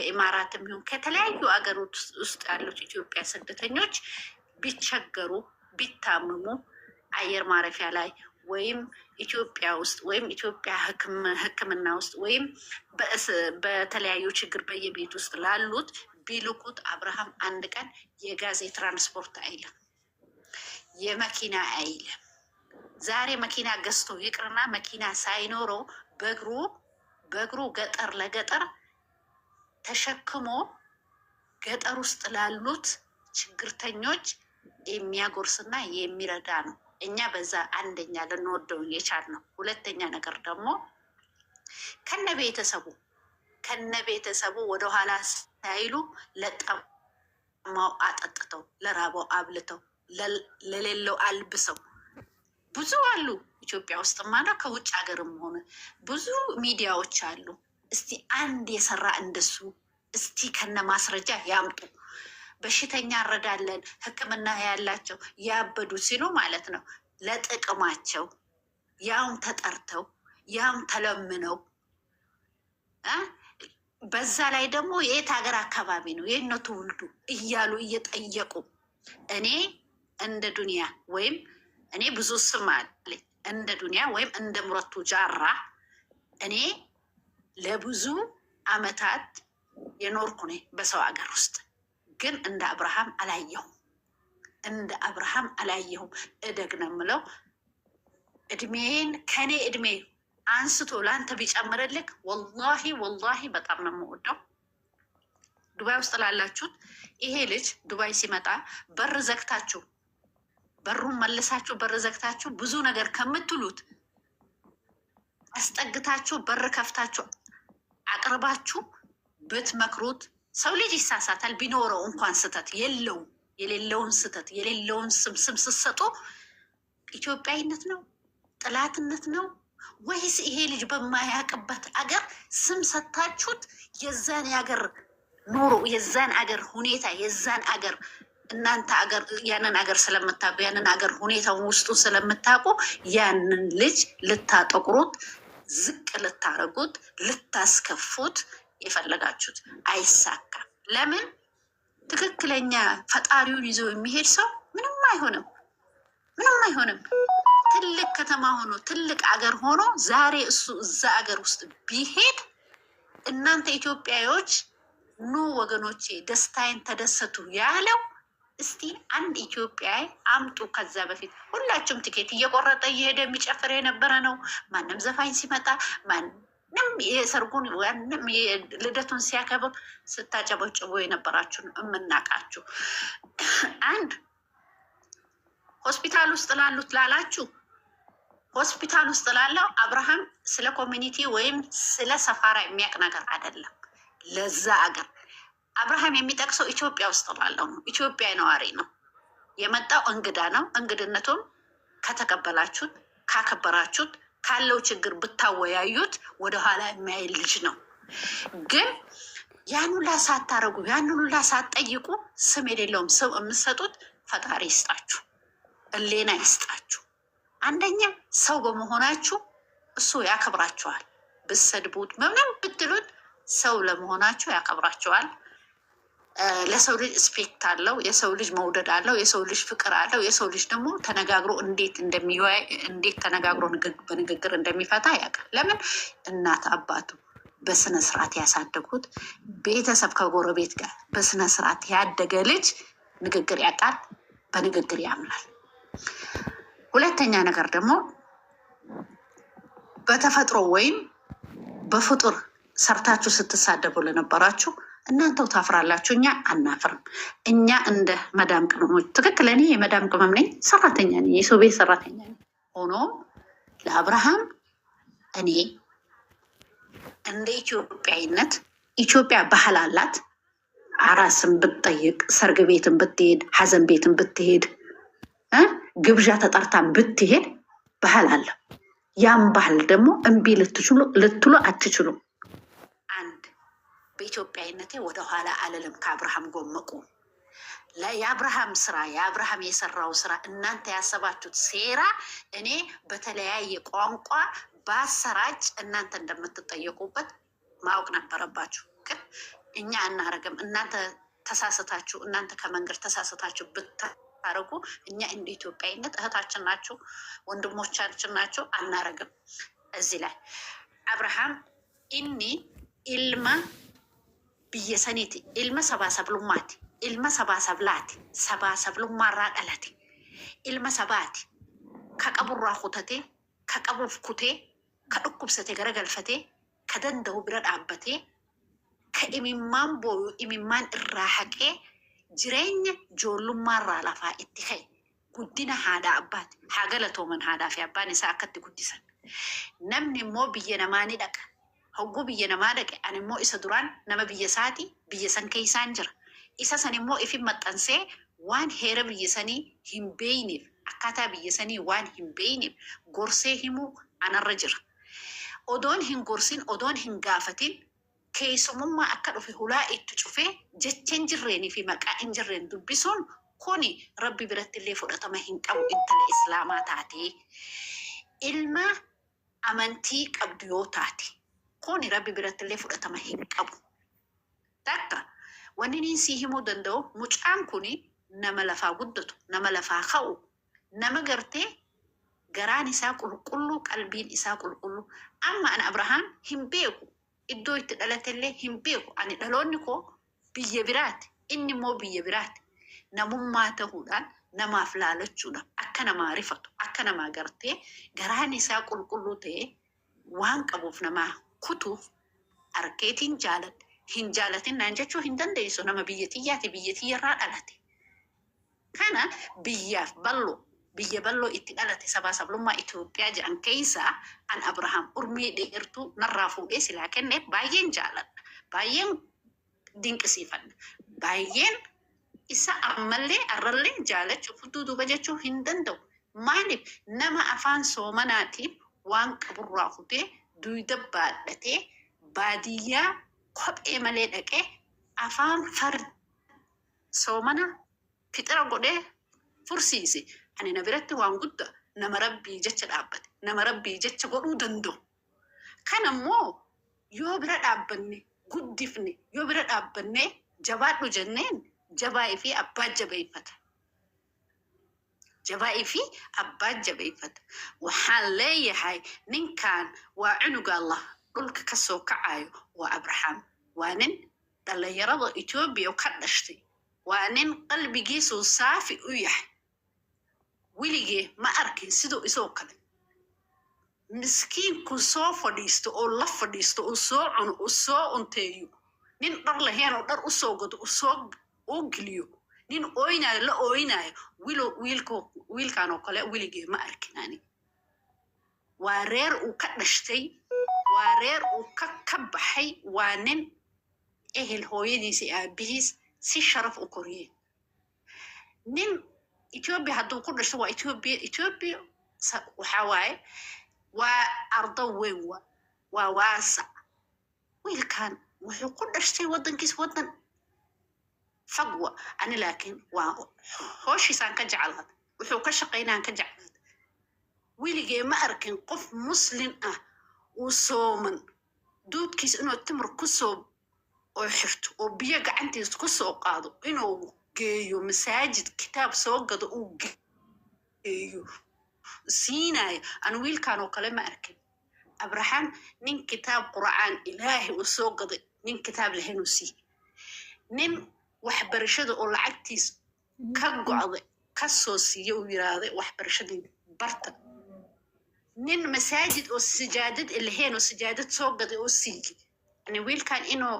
ከኢማራትም ይሁን ከተለያዩ አገሮች ውስጥ ያሉት ኢትዮጵያ ስደተኞች ቢቸገሩ ቢታምሙ አየር ማረፊያ ላይ ወይም ኢትዮጵያ ውስጥ ወይም ኢትዮጵያ ሕክምና ውስጥ ወይም በተለያዩ ችግር በየቤት ውስጥ ላሉት ቢልኩት አብርሃም አንድ ቀን የጋዜ ትራንስፖርት አይልም፣ የመኪና አይልም። ዛሬ መኪና ገዝቶ ይቅርና መኪና ሳይኖረው በእግሩ በእግሩ ገጠር ለገጠር ተሸክሞ ገጠር ውስጥ ላሉት ችግርተኞች የሚያጎርስና የሚረዳ ነው። እኛ በዛ አንደኛ ልንወደው የቻል ነው። ሁለተኛ ነገር ደግሞ ከነ ቤተሰቡ ከነ ቤተሰቡ ወደኋላ ሳይሉ ለጠማው አጠጥተው፣ ለራበው አብልተው፣ ለሌለው አልብሰው ብዙ አሉ ኢትዮጵያ ውስጥማ እና ከውጭ ሀገርም ሆነ ብዙ ሚዲያዎች አሉ። እስቲ አንድ የሰራ እንደሱ እስቲ ከነ ማስረጃ ያምጡ። በሽተኛ እረዳለን ሕክምና ያላቸው ያበዱ ሲሉ ማለት ነው ለጥቅማቸው ያውም ተጠርተው ያውም ተለምነው በዛ ላይ ደግሞ የየት ሀገር አካባቢ ነው የነ ትውልዱ እያሉ እየጠየቁ እኔ እንደ ዱንያ ወይም እኔ ብዙ ስም አለኝ እንደ ዱንያ ወይም እንደ ምረቱ ጃራ እኔ ለብዙ አመታት የኖርኩ ነኝ በሰው ሀገር ውስጥ ግን እንደ አብርሃም አላየሁም። እንደ አብርሃም አላየሁም። እደግ ነው የምለው እድሜን ከኔ እድሜ አንስቶ ለአንተ ቢጨምርልክ ወላሂ ወላሂ በጣም ነው የምወደው። ዱባይ ውስጥ ላላችሁት ይሄ ልጅ ዱባይ ሲመጣ በር ዘግታችሁ በሩን መልሳችሁ በር ዘግታችሁ ብዙ ነገር ከምትሉት አስጠግታችሁ በር ከፍታችሁ አቅርባችሁ ብትመክሩት ሰው ልጅ ይሳሳታል። ቢኖረው እንኳን ስህተት የለውም። የሌለውን ስህተት የሌለውን ስም ስም ስትሰጡ ኢትዮጵያዊነት ነው ጥላትነት ነው ወይስ ይሄ ልጅ በማያውቅበት አገር ስም ሰታችሁት የዛን የአገር ኑሮ የዛን አገር ሁኔታ የዛን አገር እናንተ አገር ያንን አገር ስለምታውቁ ያንን አገር ሁኔታውን ውስጡ ስለምታውቁ ያንን ልጅ ልታጠቁሩት ዝቅ ልታረጉት፣ ልታስከፉት የፈለጋችሁት አይሳካም። ለምን? ትክክለኛ ፈጣሪውን ይዞ የሚሄድ ሰው ምንም አይሆንም፣ ምንም አይሆንም። ትልቅ ከተማ ሆኖ ትልቅ አገር ሆኖ ዛሬ እሱ እዛ አገር ውስጥ ቢሄድ እናንተ ኢትዮጵያዎች ኑ ወገኖቼ ደስታዬን ተደሰቱ ያለው እስቲ አንድ ኢትዮጵያ አምጡ። ከዛ በፊት ሁላችሁም ትኬት እየቆረጠ እየሄደ የሚጨፍር የነበረ ነው። ማንም ዘፋኝ ሲመጣ ማንም የሰርጉን ማንም ልደቱን ሲያከብር ስታጨበጭቦ የነበራችሁ የምናቃችሁ። አንድ ሆስፒታል ውስጥ ላሉት ላላችሁ ሆስፒታል ውስጥ ላለው አብርሃም ስለ ኮሚኒቲ ወይም ስለ ሰፋራ የሚያውቅ ነገር አይደለም ለዛ አገር አብርሃም የሚጠቅሰው ኢትዮጵያ ውስጥ ባለው ነው። ኢትዮጵያ ነዋሪ ነው። የመጣው እንግዳ ነው። እንግድነቱም ከተቀበላችሁት፣ ካከበራችሁት፣ ካለው ችግር ብታወያዩት ወደኋላ የሚያይል ልጅ ነው። ግን ያን ሁላ ሳታረጉ፣ ያን ሁላ ሳትጠይቁ ስም የሌለውም ስም የምትሰጡት ፈጣሪ ይስጣችሁ፣ እሌና ይስጣችሁ። አንደኛ ሰው በመሆናችሁ እሱ ያከብራችኋል። ብትሰድቡት ምንም ብትሉት ሰው ለመሆናችሁ ያከብራችኋል። ለሰው ልጅ ስፔክት አለው። የሰው ልጅ መውደድ አለው። የሰው ልጅ ፍቅር አለው። የሰው ልጅ ደግሞ ተነጋግሮ እንዴት እንደሚወያይ እንዴት ተነጋግሮ በንግግር እንደሚፈታ ያውቃል። ለምን እናት አባቱ በስነ ስርዓት ያሳደጉት ቤተሰብ ከጎረቤት ጋር በስነ ስርዓት ያደገ ልጅ ንግግር ያውቃል፣ በንግግር ያምናል። ሁለተኛ ነገር ደግሞ በተፈጥሮ ወይም በፍጡር ሰርታችሁ ስትሳደቡ ለነበራችሁ እናንተው ታፍራላችሁ፣ እኛ አናፍርም። እኛ እንደ መዳም ቅመሞች ትክክል። እኔ የመዳም ቅመም ነኝ፣ ሰራተኛ ነኝ፣ የሰው ቤት ሰራተኛ ነኝ። ሆኖም ለአብርሃም እኔ እንደ ኢትዮጵያዊነት ኢትዮጵያ ባህል አላት። አራስን ብትጠይቅ፣ ሰርግ ቤትን ብትሄድ፣ ሀዘን ቤትን ብትሄድ፣ ግብዣ ተጠርታን ብትሄድ ባህል አለ። ያም ባህል ደግሞ እምቢ ልትችሉ ልትሉ አትችሉም። በኢትዮጵያዊነቴ ወደኋላ አልልም። ከአብርሃም ጎመቁ የአብርሃም ስራ የአብርሃም የሰራው ስራ እናንተ ያሰባችሁት ሴራ እኔ በተለያየ ቋንቋ በአሰራጭ እናንተ እንደምትጠየቁበት ማወቅ ነበረባችሁ። ግን እኛ አናረግም። እናንተ ተሳስታችሁ እናንተ ከመንገድ ተሳስታችሁ ብታረጉ እኛ እንደ ኢትዮጵያዊነት እህታችን ናችሁ፣ ወንድሞቻችን ናችሁ፣ አናረግም። እዚህ ላይ አብርሃም ኢኒ ኢልማ biyyasaniiti ilma sabaa sablummaati ilma sabaa sablaati sabaa sablummaarraa dhalate ilma sabaati ka qaburraa kutatee ka qabuuf kutee ka dhukkubsate garagalfatee ka danda'u bira dhaabbatee ka imimmaan booyu imimmaan irraa haqee jireenya ijoollummaarraa lafaa itti ka'e guddina haadhaa abbaati haa galatooman haadhaa fi abbaan isaa akkatti guddisan namni immoo biyya namaa ni dhaqa. hogguu biyya namaa dhaqe ani immoo isa duraan nama biyya isaati biyya san keessaan jira isa san immoo ifin maxxansee waan heera biyya sanii hin beeyneef akkaataa biyya sanii waan hin beeyneef gorsee himuu anarra jira. Odoon hin gorsin odoon hin gaafatin keessumummaa akka dhufe hulaa itti cufee jechaan jirreenii fi maqaa hin jirreen dubbisuun kuni rabbi biratti illee fudhatama hin qabu intala islaamaa taatee ilma amantii qabdu yoo taate. Kuni rabbi birattillee fudhatama hin qabu. Takka wanni niin sii himuu danda'u mucaan kuni nama lafaa guddatu, nama lafaa ka'u, nama gartee garaan isaa qulqulluu, qalbiin isaa qulqulluu. Amma Ani Abrahaam hin beeku, iddoo itti dhalatellee hin beeku. Ani dhaloonni koo biyya biraati, inni immoo biyya biraati. Namummaa ta'uudhaan namaaf laalachuudhaan akka namaa rifatu, akka namaa gartee garaan isaa qulqulluu ta'e waan qabuuf namaa kutu arkeetiin jalat Hin jaalatinaan jechuu hin dandeessu nama biyya xiyyaati biyya xiyyarraa dhalate. Kana biyyaaf ballo biyya ballo itti dhalate sabaa sablummaa Itoophiyaa jedhan keessaa an Abrahaam urmii dheertuu narraa fuudhee silaa kenneef baay'een jaaladha. Baay'een kesifan, Baay'een isa ammallee arrallee jaalachuu furduu duuba jechuu hin danda'u. Maaliif nama afaan soomanaatiif waan qaburraa kutee duyda baadhatee baadiyyaa kophee malee dhaqee afaan farda soomana fixira godhee fursiise. Ani na biratti waan gudda nama rabbii jecha dhaabbate nama rabbii jecha godhuu danda'u. Kana immoo yoo bira dhaabbanne guddifne yoo bira dhaabbanne jabaadhu jenneen jabaa fi abbaa jabeeffata. jabaa'i fi abbaan jabayfada waxaan leeyahay ninkan waa cunuga allah dhulka kasoo kacayo waa abraham waa nin dhallinyarada etoobiya ka dhashtay waa nin qalbigiisuu saafi u yahay weligee ma arkin sidoo isoo kale miskiinku soo fadhiisto oo la fadhiisto uu soo cuno uu soo unteeyo nin dhar lahayn oo dhar usoo gado u geliyo nin oynayo la oynayo wiilkan oo kale weligee ma arkin ani waa reer uu ka dhashtay waa reer uu ka ka baxay waa nin ehel hooyadiisa aabihiis si sharaf u koriye nin ethoobia hadduu ku dhashto waa ethoobiya ethoobiya waxaa waaye waa ardo weyn waa waasac wiilkan wuxuu ku dhashtay waddankiis waddan فقوة أنا لكن وهوش سان كجعلها وحو كشقينا كجعلها ويلي ما أركن قف مسلم أه وصومن دود كيس إنو التمر كسو أو وبيا قعنتي كسو قادو إنو جيو مساجد كتاب سوقد جيو سيناي أنا ويل كانو كلام أركن أبراهام نين كتاب قرآن إلهي وسوقد نين كتاب سي نين waxbarashada oo lacagtiis ka go-day ka soo siiya uu yiraahday waxbarashadii barta nin masaajid oo sajaadad lahayn oo sajaadad soo gaday oo siiye yani wiilkan inuu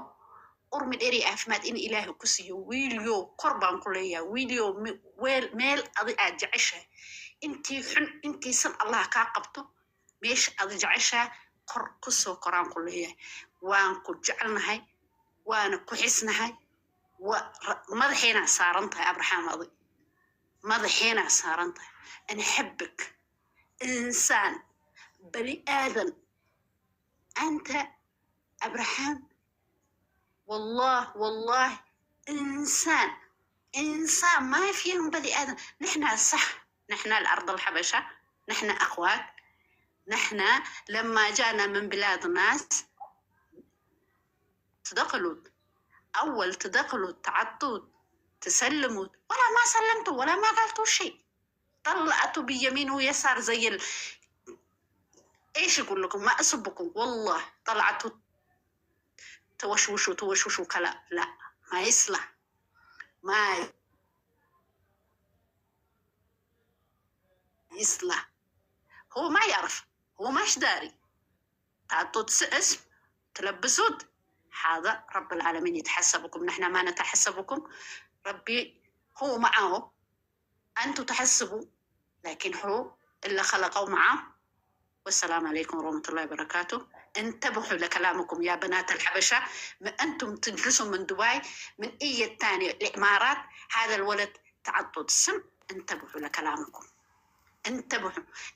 urmid erey caafimaad in ilaahay ku siiyo wiilyo kor baan ku leeyahay wiilyo meel adi aad jeceshahay intii xun intiisan allah kaa qabto meesha aad jeceshaha kor kusoo koraan ku leeyahay waan ku jecelnahay waana ku xisnahay ومدحينا يا أبرحام أضي مدحينا سارنتها نحبك إنسان بني آدم أنت أبرحام والله والله إنسان إنسان ما فيهم بني آدم نحن صح نحن الأرض الحبشة نحن أخوات نحن لما جانا من بلاد الناس صدق أول تدخلوا تعطوا تسلموا ولا ما سلمتوا ولا ما قالتوا شيء طلعتوا بيمين ويسار زي ال... ايش اقول لكم ما اسبكم والله طلعتوا توشوشوا توشوشوا كلا لا ما يصلح ما يصلح هو ما يعرف هو ماش داري تعطوا اسم تلبسوه هذا رب العالمين يتحسبكم نحن ما نتحسبكم ربي هو معه أنتم تحسبوا لكن هو إلا خلقوا معه والسلام عليكم ورحمة الله وبركاته انتبهوا لكلامكم يا بنات الحبشة ما أنتم تجلسوا من دبي من أي ثاني الإمارات هذا الولد تعطوا السم انتبهوا لكلامكم انتبهوا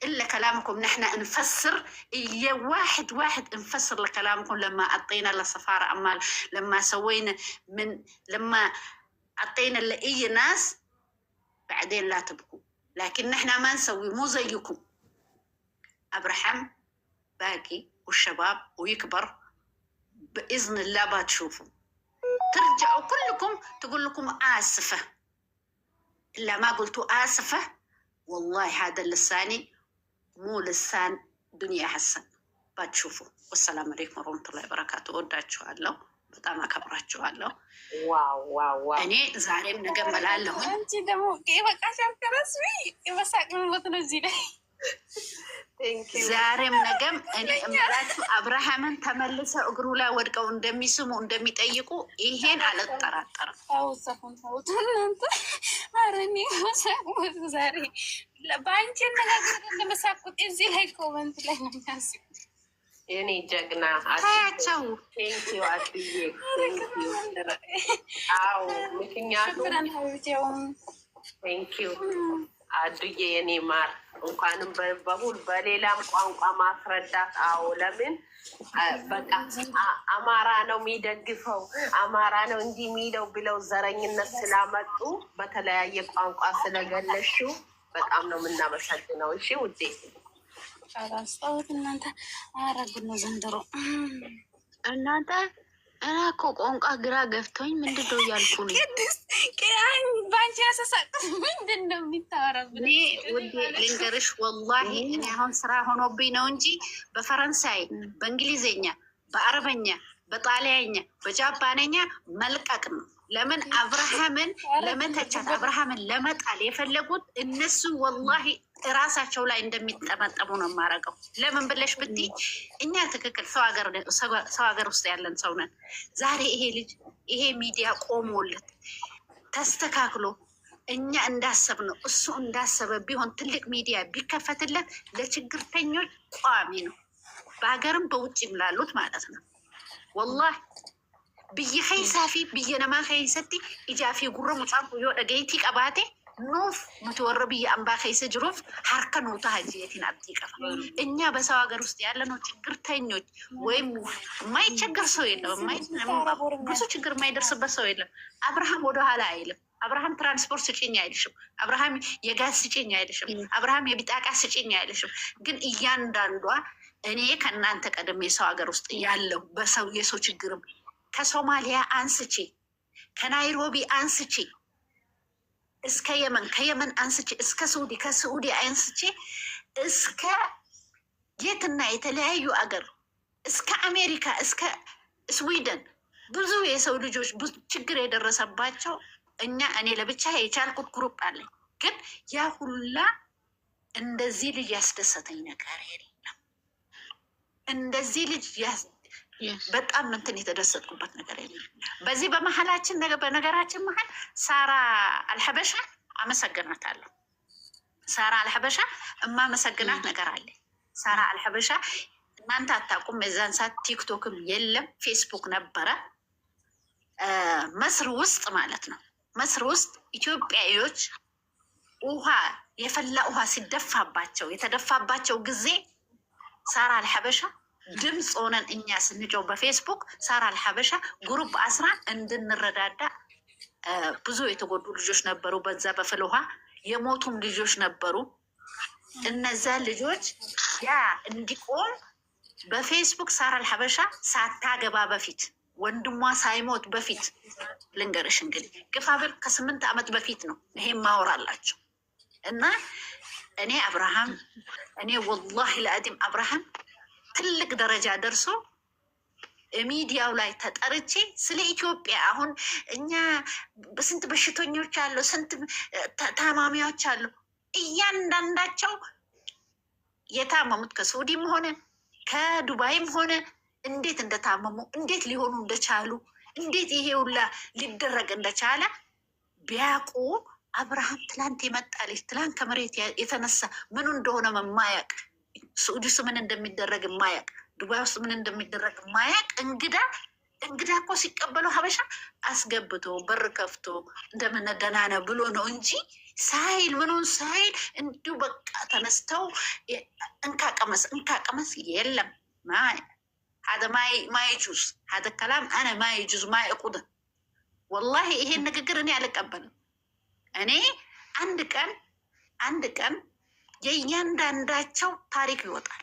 إلا كلامكم نحن نفسر يا واحد واحد نفسر لكلامكم لما أعطينا لسفارة أمال لما سوينا من لما أعطينا لأي ناس بعدين لا تبكوا لكن نحن ما نسوي مو زيكم ابراهام باقي والشباب ويكبر بإذن الله بتشوفوا ترجعوا كلكم تقول لكم آسفة إلا ما قلتوا آسفة ወላሂ ሀደ ልሳኔ ሙ ልሳን ዱንያ ሀሰን ባችሁፉ። ወሰላም አለይኩም ወረህመቱላሂ ወበረካቱ። ወዳችኋለሁ፣ በጣም አከብራችኋለሁ። እኔ ዛሬም ነገር መላለሁኝ። አንቺ ደግሞ በቃ ሲያከረስቢ የመሳቅ ምንቦት ነው እዚህ ላይ ዛሬም ነገም እኔ እምላችሁ አብርሃምን ተመልሰው እግሩ ላይ ወድቀው እንደሚስሙ እንደሚጠይቁ ይሄን አልጠራጠርም። በአንቺ ነገር አዱዬ የኔ ማር እንኳንም በበሁል በሌላም ቋንቋ ማስረዳት። አዎ ለምን በቃ አማራ ነው የሚደግፈው አማራ ነው እንዲህ የሚለው ብለው ዘረኝነት ስላመጡ በተለያየ ቋንቋ ስለገለሹ በጣም ነው የምናመሰግነው። እሺ ውዴ እናንተ አረግነው ዘንድሮ እናንተ እና እኮ ቋንቋ ግራ ገብቶኝ ምንድን ነው እያልኩ ነው። ባንቺ ያሰሳቅ ምንድን ነው የሚታወራው? እኔ ውዴ ልንገርሽ፣ ወላሂ እኔ አሁን ስራ ሆኖብኝ ነው እንጂ በፈረንሳይ፣ በእንግሊዝኛ፣ በአረበኛ፣ በጣሊያኛ፣ በጃፓነኛ መልቀቅ ነው። ለምን አብርሃምን ለመተቻት አብርሃምን ለመጣል የፈለጉት እነሱ ወላሂ እራሳቸው ላይ እንደሚጠመጠሙ ነው የማደርገው። ለምን ብለሽ ብትይ እኛ ትክክል ሰው ሀገር ውስጥ ያለን ሰው ነን። ዛሬ ይሄ ልጅ ይሄ ሚዲያ ቆሞለት ተስተካክሎ እኛ እንዳሰብ ነው እሱ እንዳሰበ ቢሆን ትልቅ ሚዲያ ቢከፈትለት ለችግርተኞች ቋሚ ነው፣ በሀገርም በውጭም ላሉት ማለት ነው። ወላሂ ብዬ ከይሳፊ ብዬ ነማ ከይሰቲ ኢጃፊ ጉረ ሙጻ ዮ ደገይቲ ቀባቴ ኑፍ ምትወርብ የአንባ ከይሰ ጅሩፍ ሀርከ ኑታ ሀጅየትን አብዲ ቀፋ እኛ በሰው ሀገር ውስጥ ያለነው ችግርተኞች ወይም የማይቸገር ሰው የለም። ብዙ ችግር የማይደርስበት ሰው የለም። አብርሃም ወደኋላ አይልም። አብርሃም ትራንስፖርት ስጭኝ አይልሽም። አብርሃም የጋዝ ስጭኝ አይልሽም። አብርሃም የቢጣቃ ስጭኝ አይልሽም። ግን እያንዳንዷ እኔ ከእናንተ ቀደም የሰው ሀገር ውስጥ ያለው በሰው የሰው ችግርም ከሶማሊያ አንስቼ ከናይሮቢ አንስቼ እስከ የመን ከየመን አንስቼ እስከ ስዑዲ ከስዑዲ አንስቼ እስከ የትና የተለያዩ አገር እስከ አሜሪካ እስከ ስዊድን ብዙ የሰው ልጆች ብዙ ችግር የደረሰባቸው እኛ እኔ ለብቻ የቻልኩት ግሩፕ አለኝ። ግን ያ ሁላ እንደዚህ ልጅ ያስደሰተኝ ነገር የለም። እንደዚህ ልጅ በጣም እንትን የተደሰጥኩበት ነገር የለም። በዚህ በመሀላችን በነገራችን መሀል ሳራ አልሐበሻ አመሰግናታለሁ። ሳራ አልሐበሻ እማመሰግናት mm. ነገር አለ። ሳራ አልሐበሻ እናንተ አታውቁም። የዛን ሰዓት ቲክቶክም የለም ፌስቡክ ነበረ። መስር ውስጥ ማለት ነው። መስር ውስጥ ኢትዮጵያዎች ውሃ የፈላ ውሃ ሲደፋባቸው የተደፋባቸው ጊዜ ሳራ አልሐበሻ ድምፅ ሆነን እኛ ስንጮው በፌስቡክ ሳራ አልሐበሻ ጉሩፕ አስራን እንድንረዳዳ ብዙ የተጎዱ ልጆች ነበሩ። በዛ በፍል ውሃ የሞቱም ልጆች ነበሩ። እነዛ ልጆች ያ እንዲቆም በፌስቡክ ሳራ አልሐበሻ ሳታገባ በፊት ወንድሟ ሳይሞት በፊት ልንገርሽ እንግዲህ ግፋብል ከስምንት ዓመት በፊት ነው ይሄ ማወራላቸው እና እኔ አብርሃም እኔ ወላሂ ለአዲም አብርሃም ትልቅ ደረጃ ደርሶ ሚዲያው ላይ ተጠርቼ ስለ ኢትዮጵያ አሁን እኛ ስንት በሽተኞች አሉ፣ ስንት ታማሚዎች አሉ። እያንዳንዳቸው የታመሙት ከሳውዲም ሆነ ከዱባይም ሆነ እንዴት እንደታመሙ እንዴት ሊሆኑ እንደቻሉ እንዴት ይሄ ሁላ ሊደረግ እንደቻለ ቢያውቁ አብርሃም ትላንት የመጣ ልጅ ትላንት ከመሬት የተነሳ ምኑ እንደሆነ መማያቅ ስዑዲ ውስጥ ምን እንደሚደረግ ማያቅ፣ ዱባይ ውስጥ ምን እንደሚደረግ ማያቅ እንግዳ እንግዳ እኮ ሲቀበለው ሀበሻ አስገብቶ በር ከፍቶ እንደምንደናነ ብሎ ነው እንጂ ሳይል ምኑን ሳይል እንዲሁ በቃ ተነስተው እንካቀመስ እንካቀመስ የለም። ሀደ ማይ ጁዝ ሀደ ከላም አነ ማይ ጁዝ ማይ ቁደ ወላሂ ይሄን ንግግር እኔ አልቀበልም። እኔ አንድ ቀን አንድ ቀን የእያንዳንዳቸው ታሪክ ይወጣል።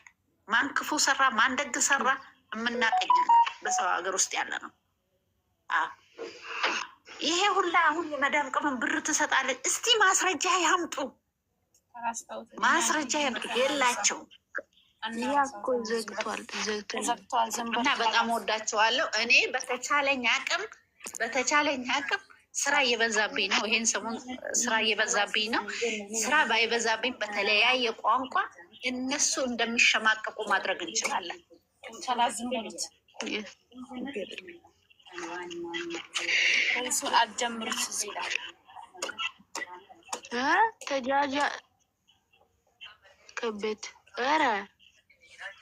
ማን ክፉ ሰራ፣ ማን ደግ ሰራ የምናቀኝ በሰው ሀገር ውስጥ ያለ ነው። ይሄ ሁላ አሁን የመዳም ቅመም ብር ትሰጣለች። እስቲ ማስረጃ ያምጡ፣ ማስረጃ ያምጡ። የላቸው ያ እኮ ዘግቷል፣ ዘግቷል። እና በጣም ወዳቸዋለሁ እኔ በተቻለኝ አቅም በተቻለኝ አቅም ስራ እየበዛብኝ ነው። ይሄን ሰሞን ስራ እየበዛብኝ ነው። ስራ ባይበዛብኝ በተለያየ ቋንቋ እነሱ እንደሚሸማቀቁ ማድረግ እንችላለን። ተጃጃ ከቤት ኧረ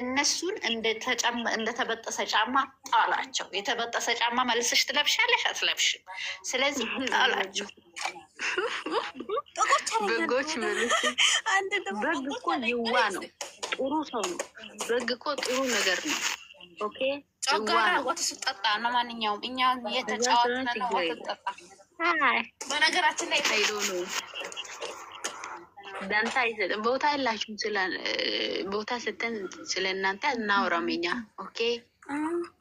እነሱን እንደተበጠሰ ጫማ ጣላቸው። የተበጠሰ ጫማ መልስሽ ትለብሻለሽ? አትለብሽም። ስለዚህ ጣላቸው። በጎች በግ እኮ ይዋ ነው፣ ጥሩ ሰው ነው። በግ እኮ ጥሩ ነገር ነው። ጨጋ ወተት ስጠጣ ነው። ማንኛውም እኛ የተጫወትን ነው ወተት ጠጣ። በነገራችን ላይ ታይዶ ነው ዳንታ አይሰጥም። ቦታ የላችሁም። ቦታ ስተን ስለ እናንተ እናውራም። እኛ ኦኬ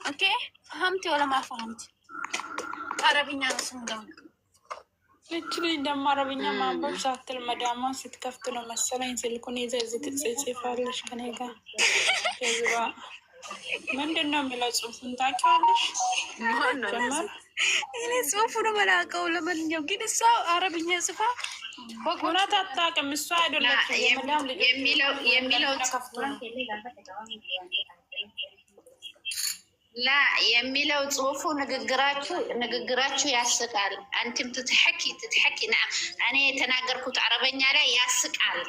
ኦኬ። ፈሀምቲ ወለማ ፈሀምቲ አረብኛ ነው ስንገው ደግሞ እች ልጅ ደግሞ አረብኛ ማንበብ ሳትል መዳማ ስትከፍት ነው መሰለኝ ስልኩን ይዘ ዚ ትጽጽፋለሽ ከኔ ጋር ህዝባ ምንድን ነው የሚለው ጽሁፉን ታውቂዋለሽ? ጀመር እኔ ጽሁፉን መላቀው ለማንኛውም ግን እሷ አረብኛ ጽፋ ሁነት አታውቅም እሷ አይደለችም የሚለው ጽሁፉ ንግግራችሁ ንግግራችሁ ያስቃል። አንቲም ትትሐኪ ትትሐኪ ና እኔ የተናገርኩት አረበኛ ላይ ያስቃል።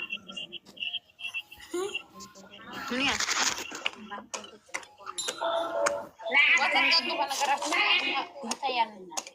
ምን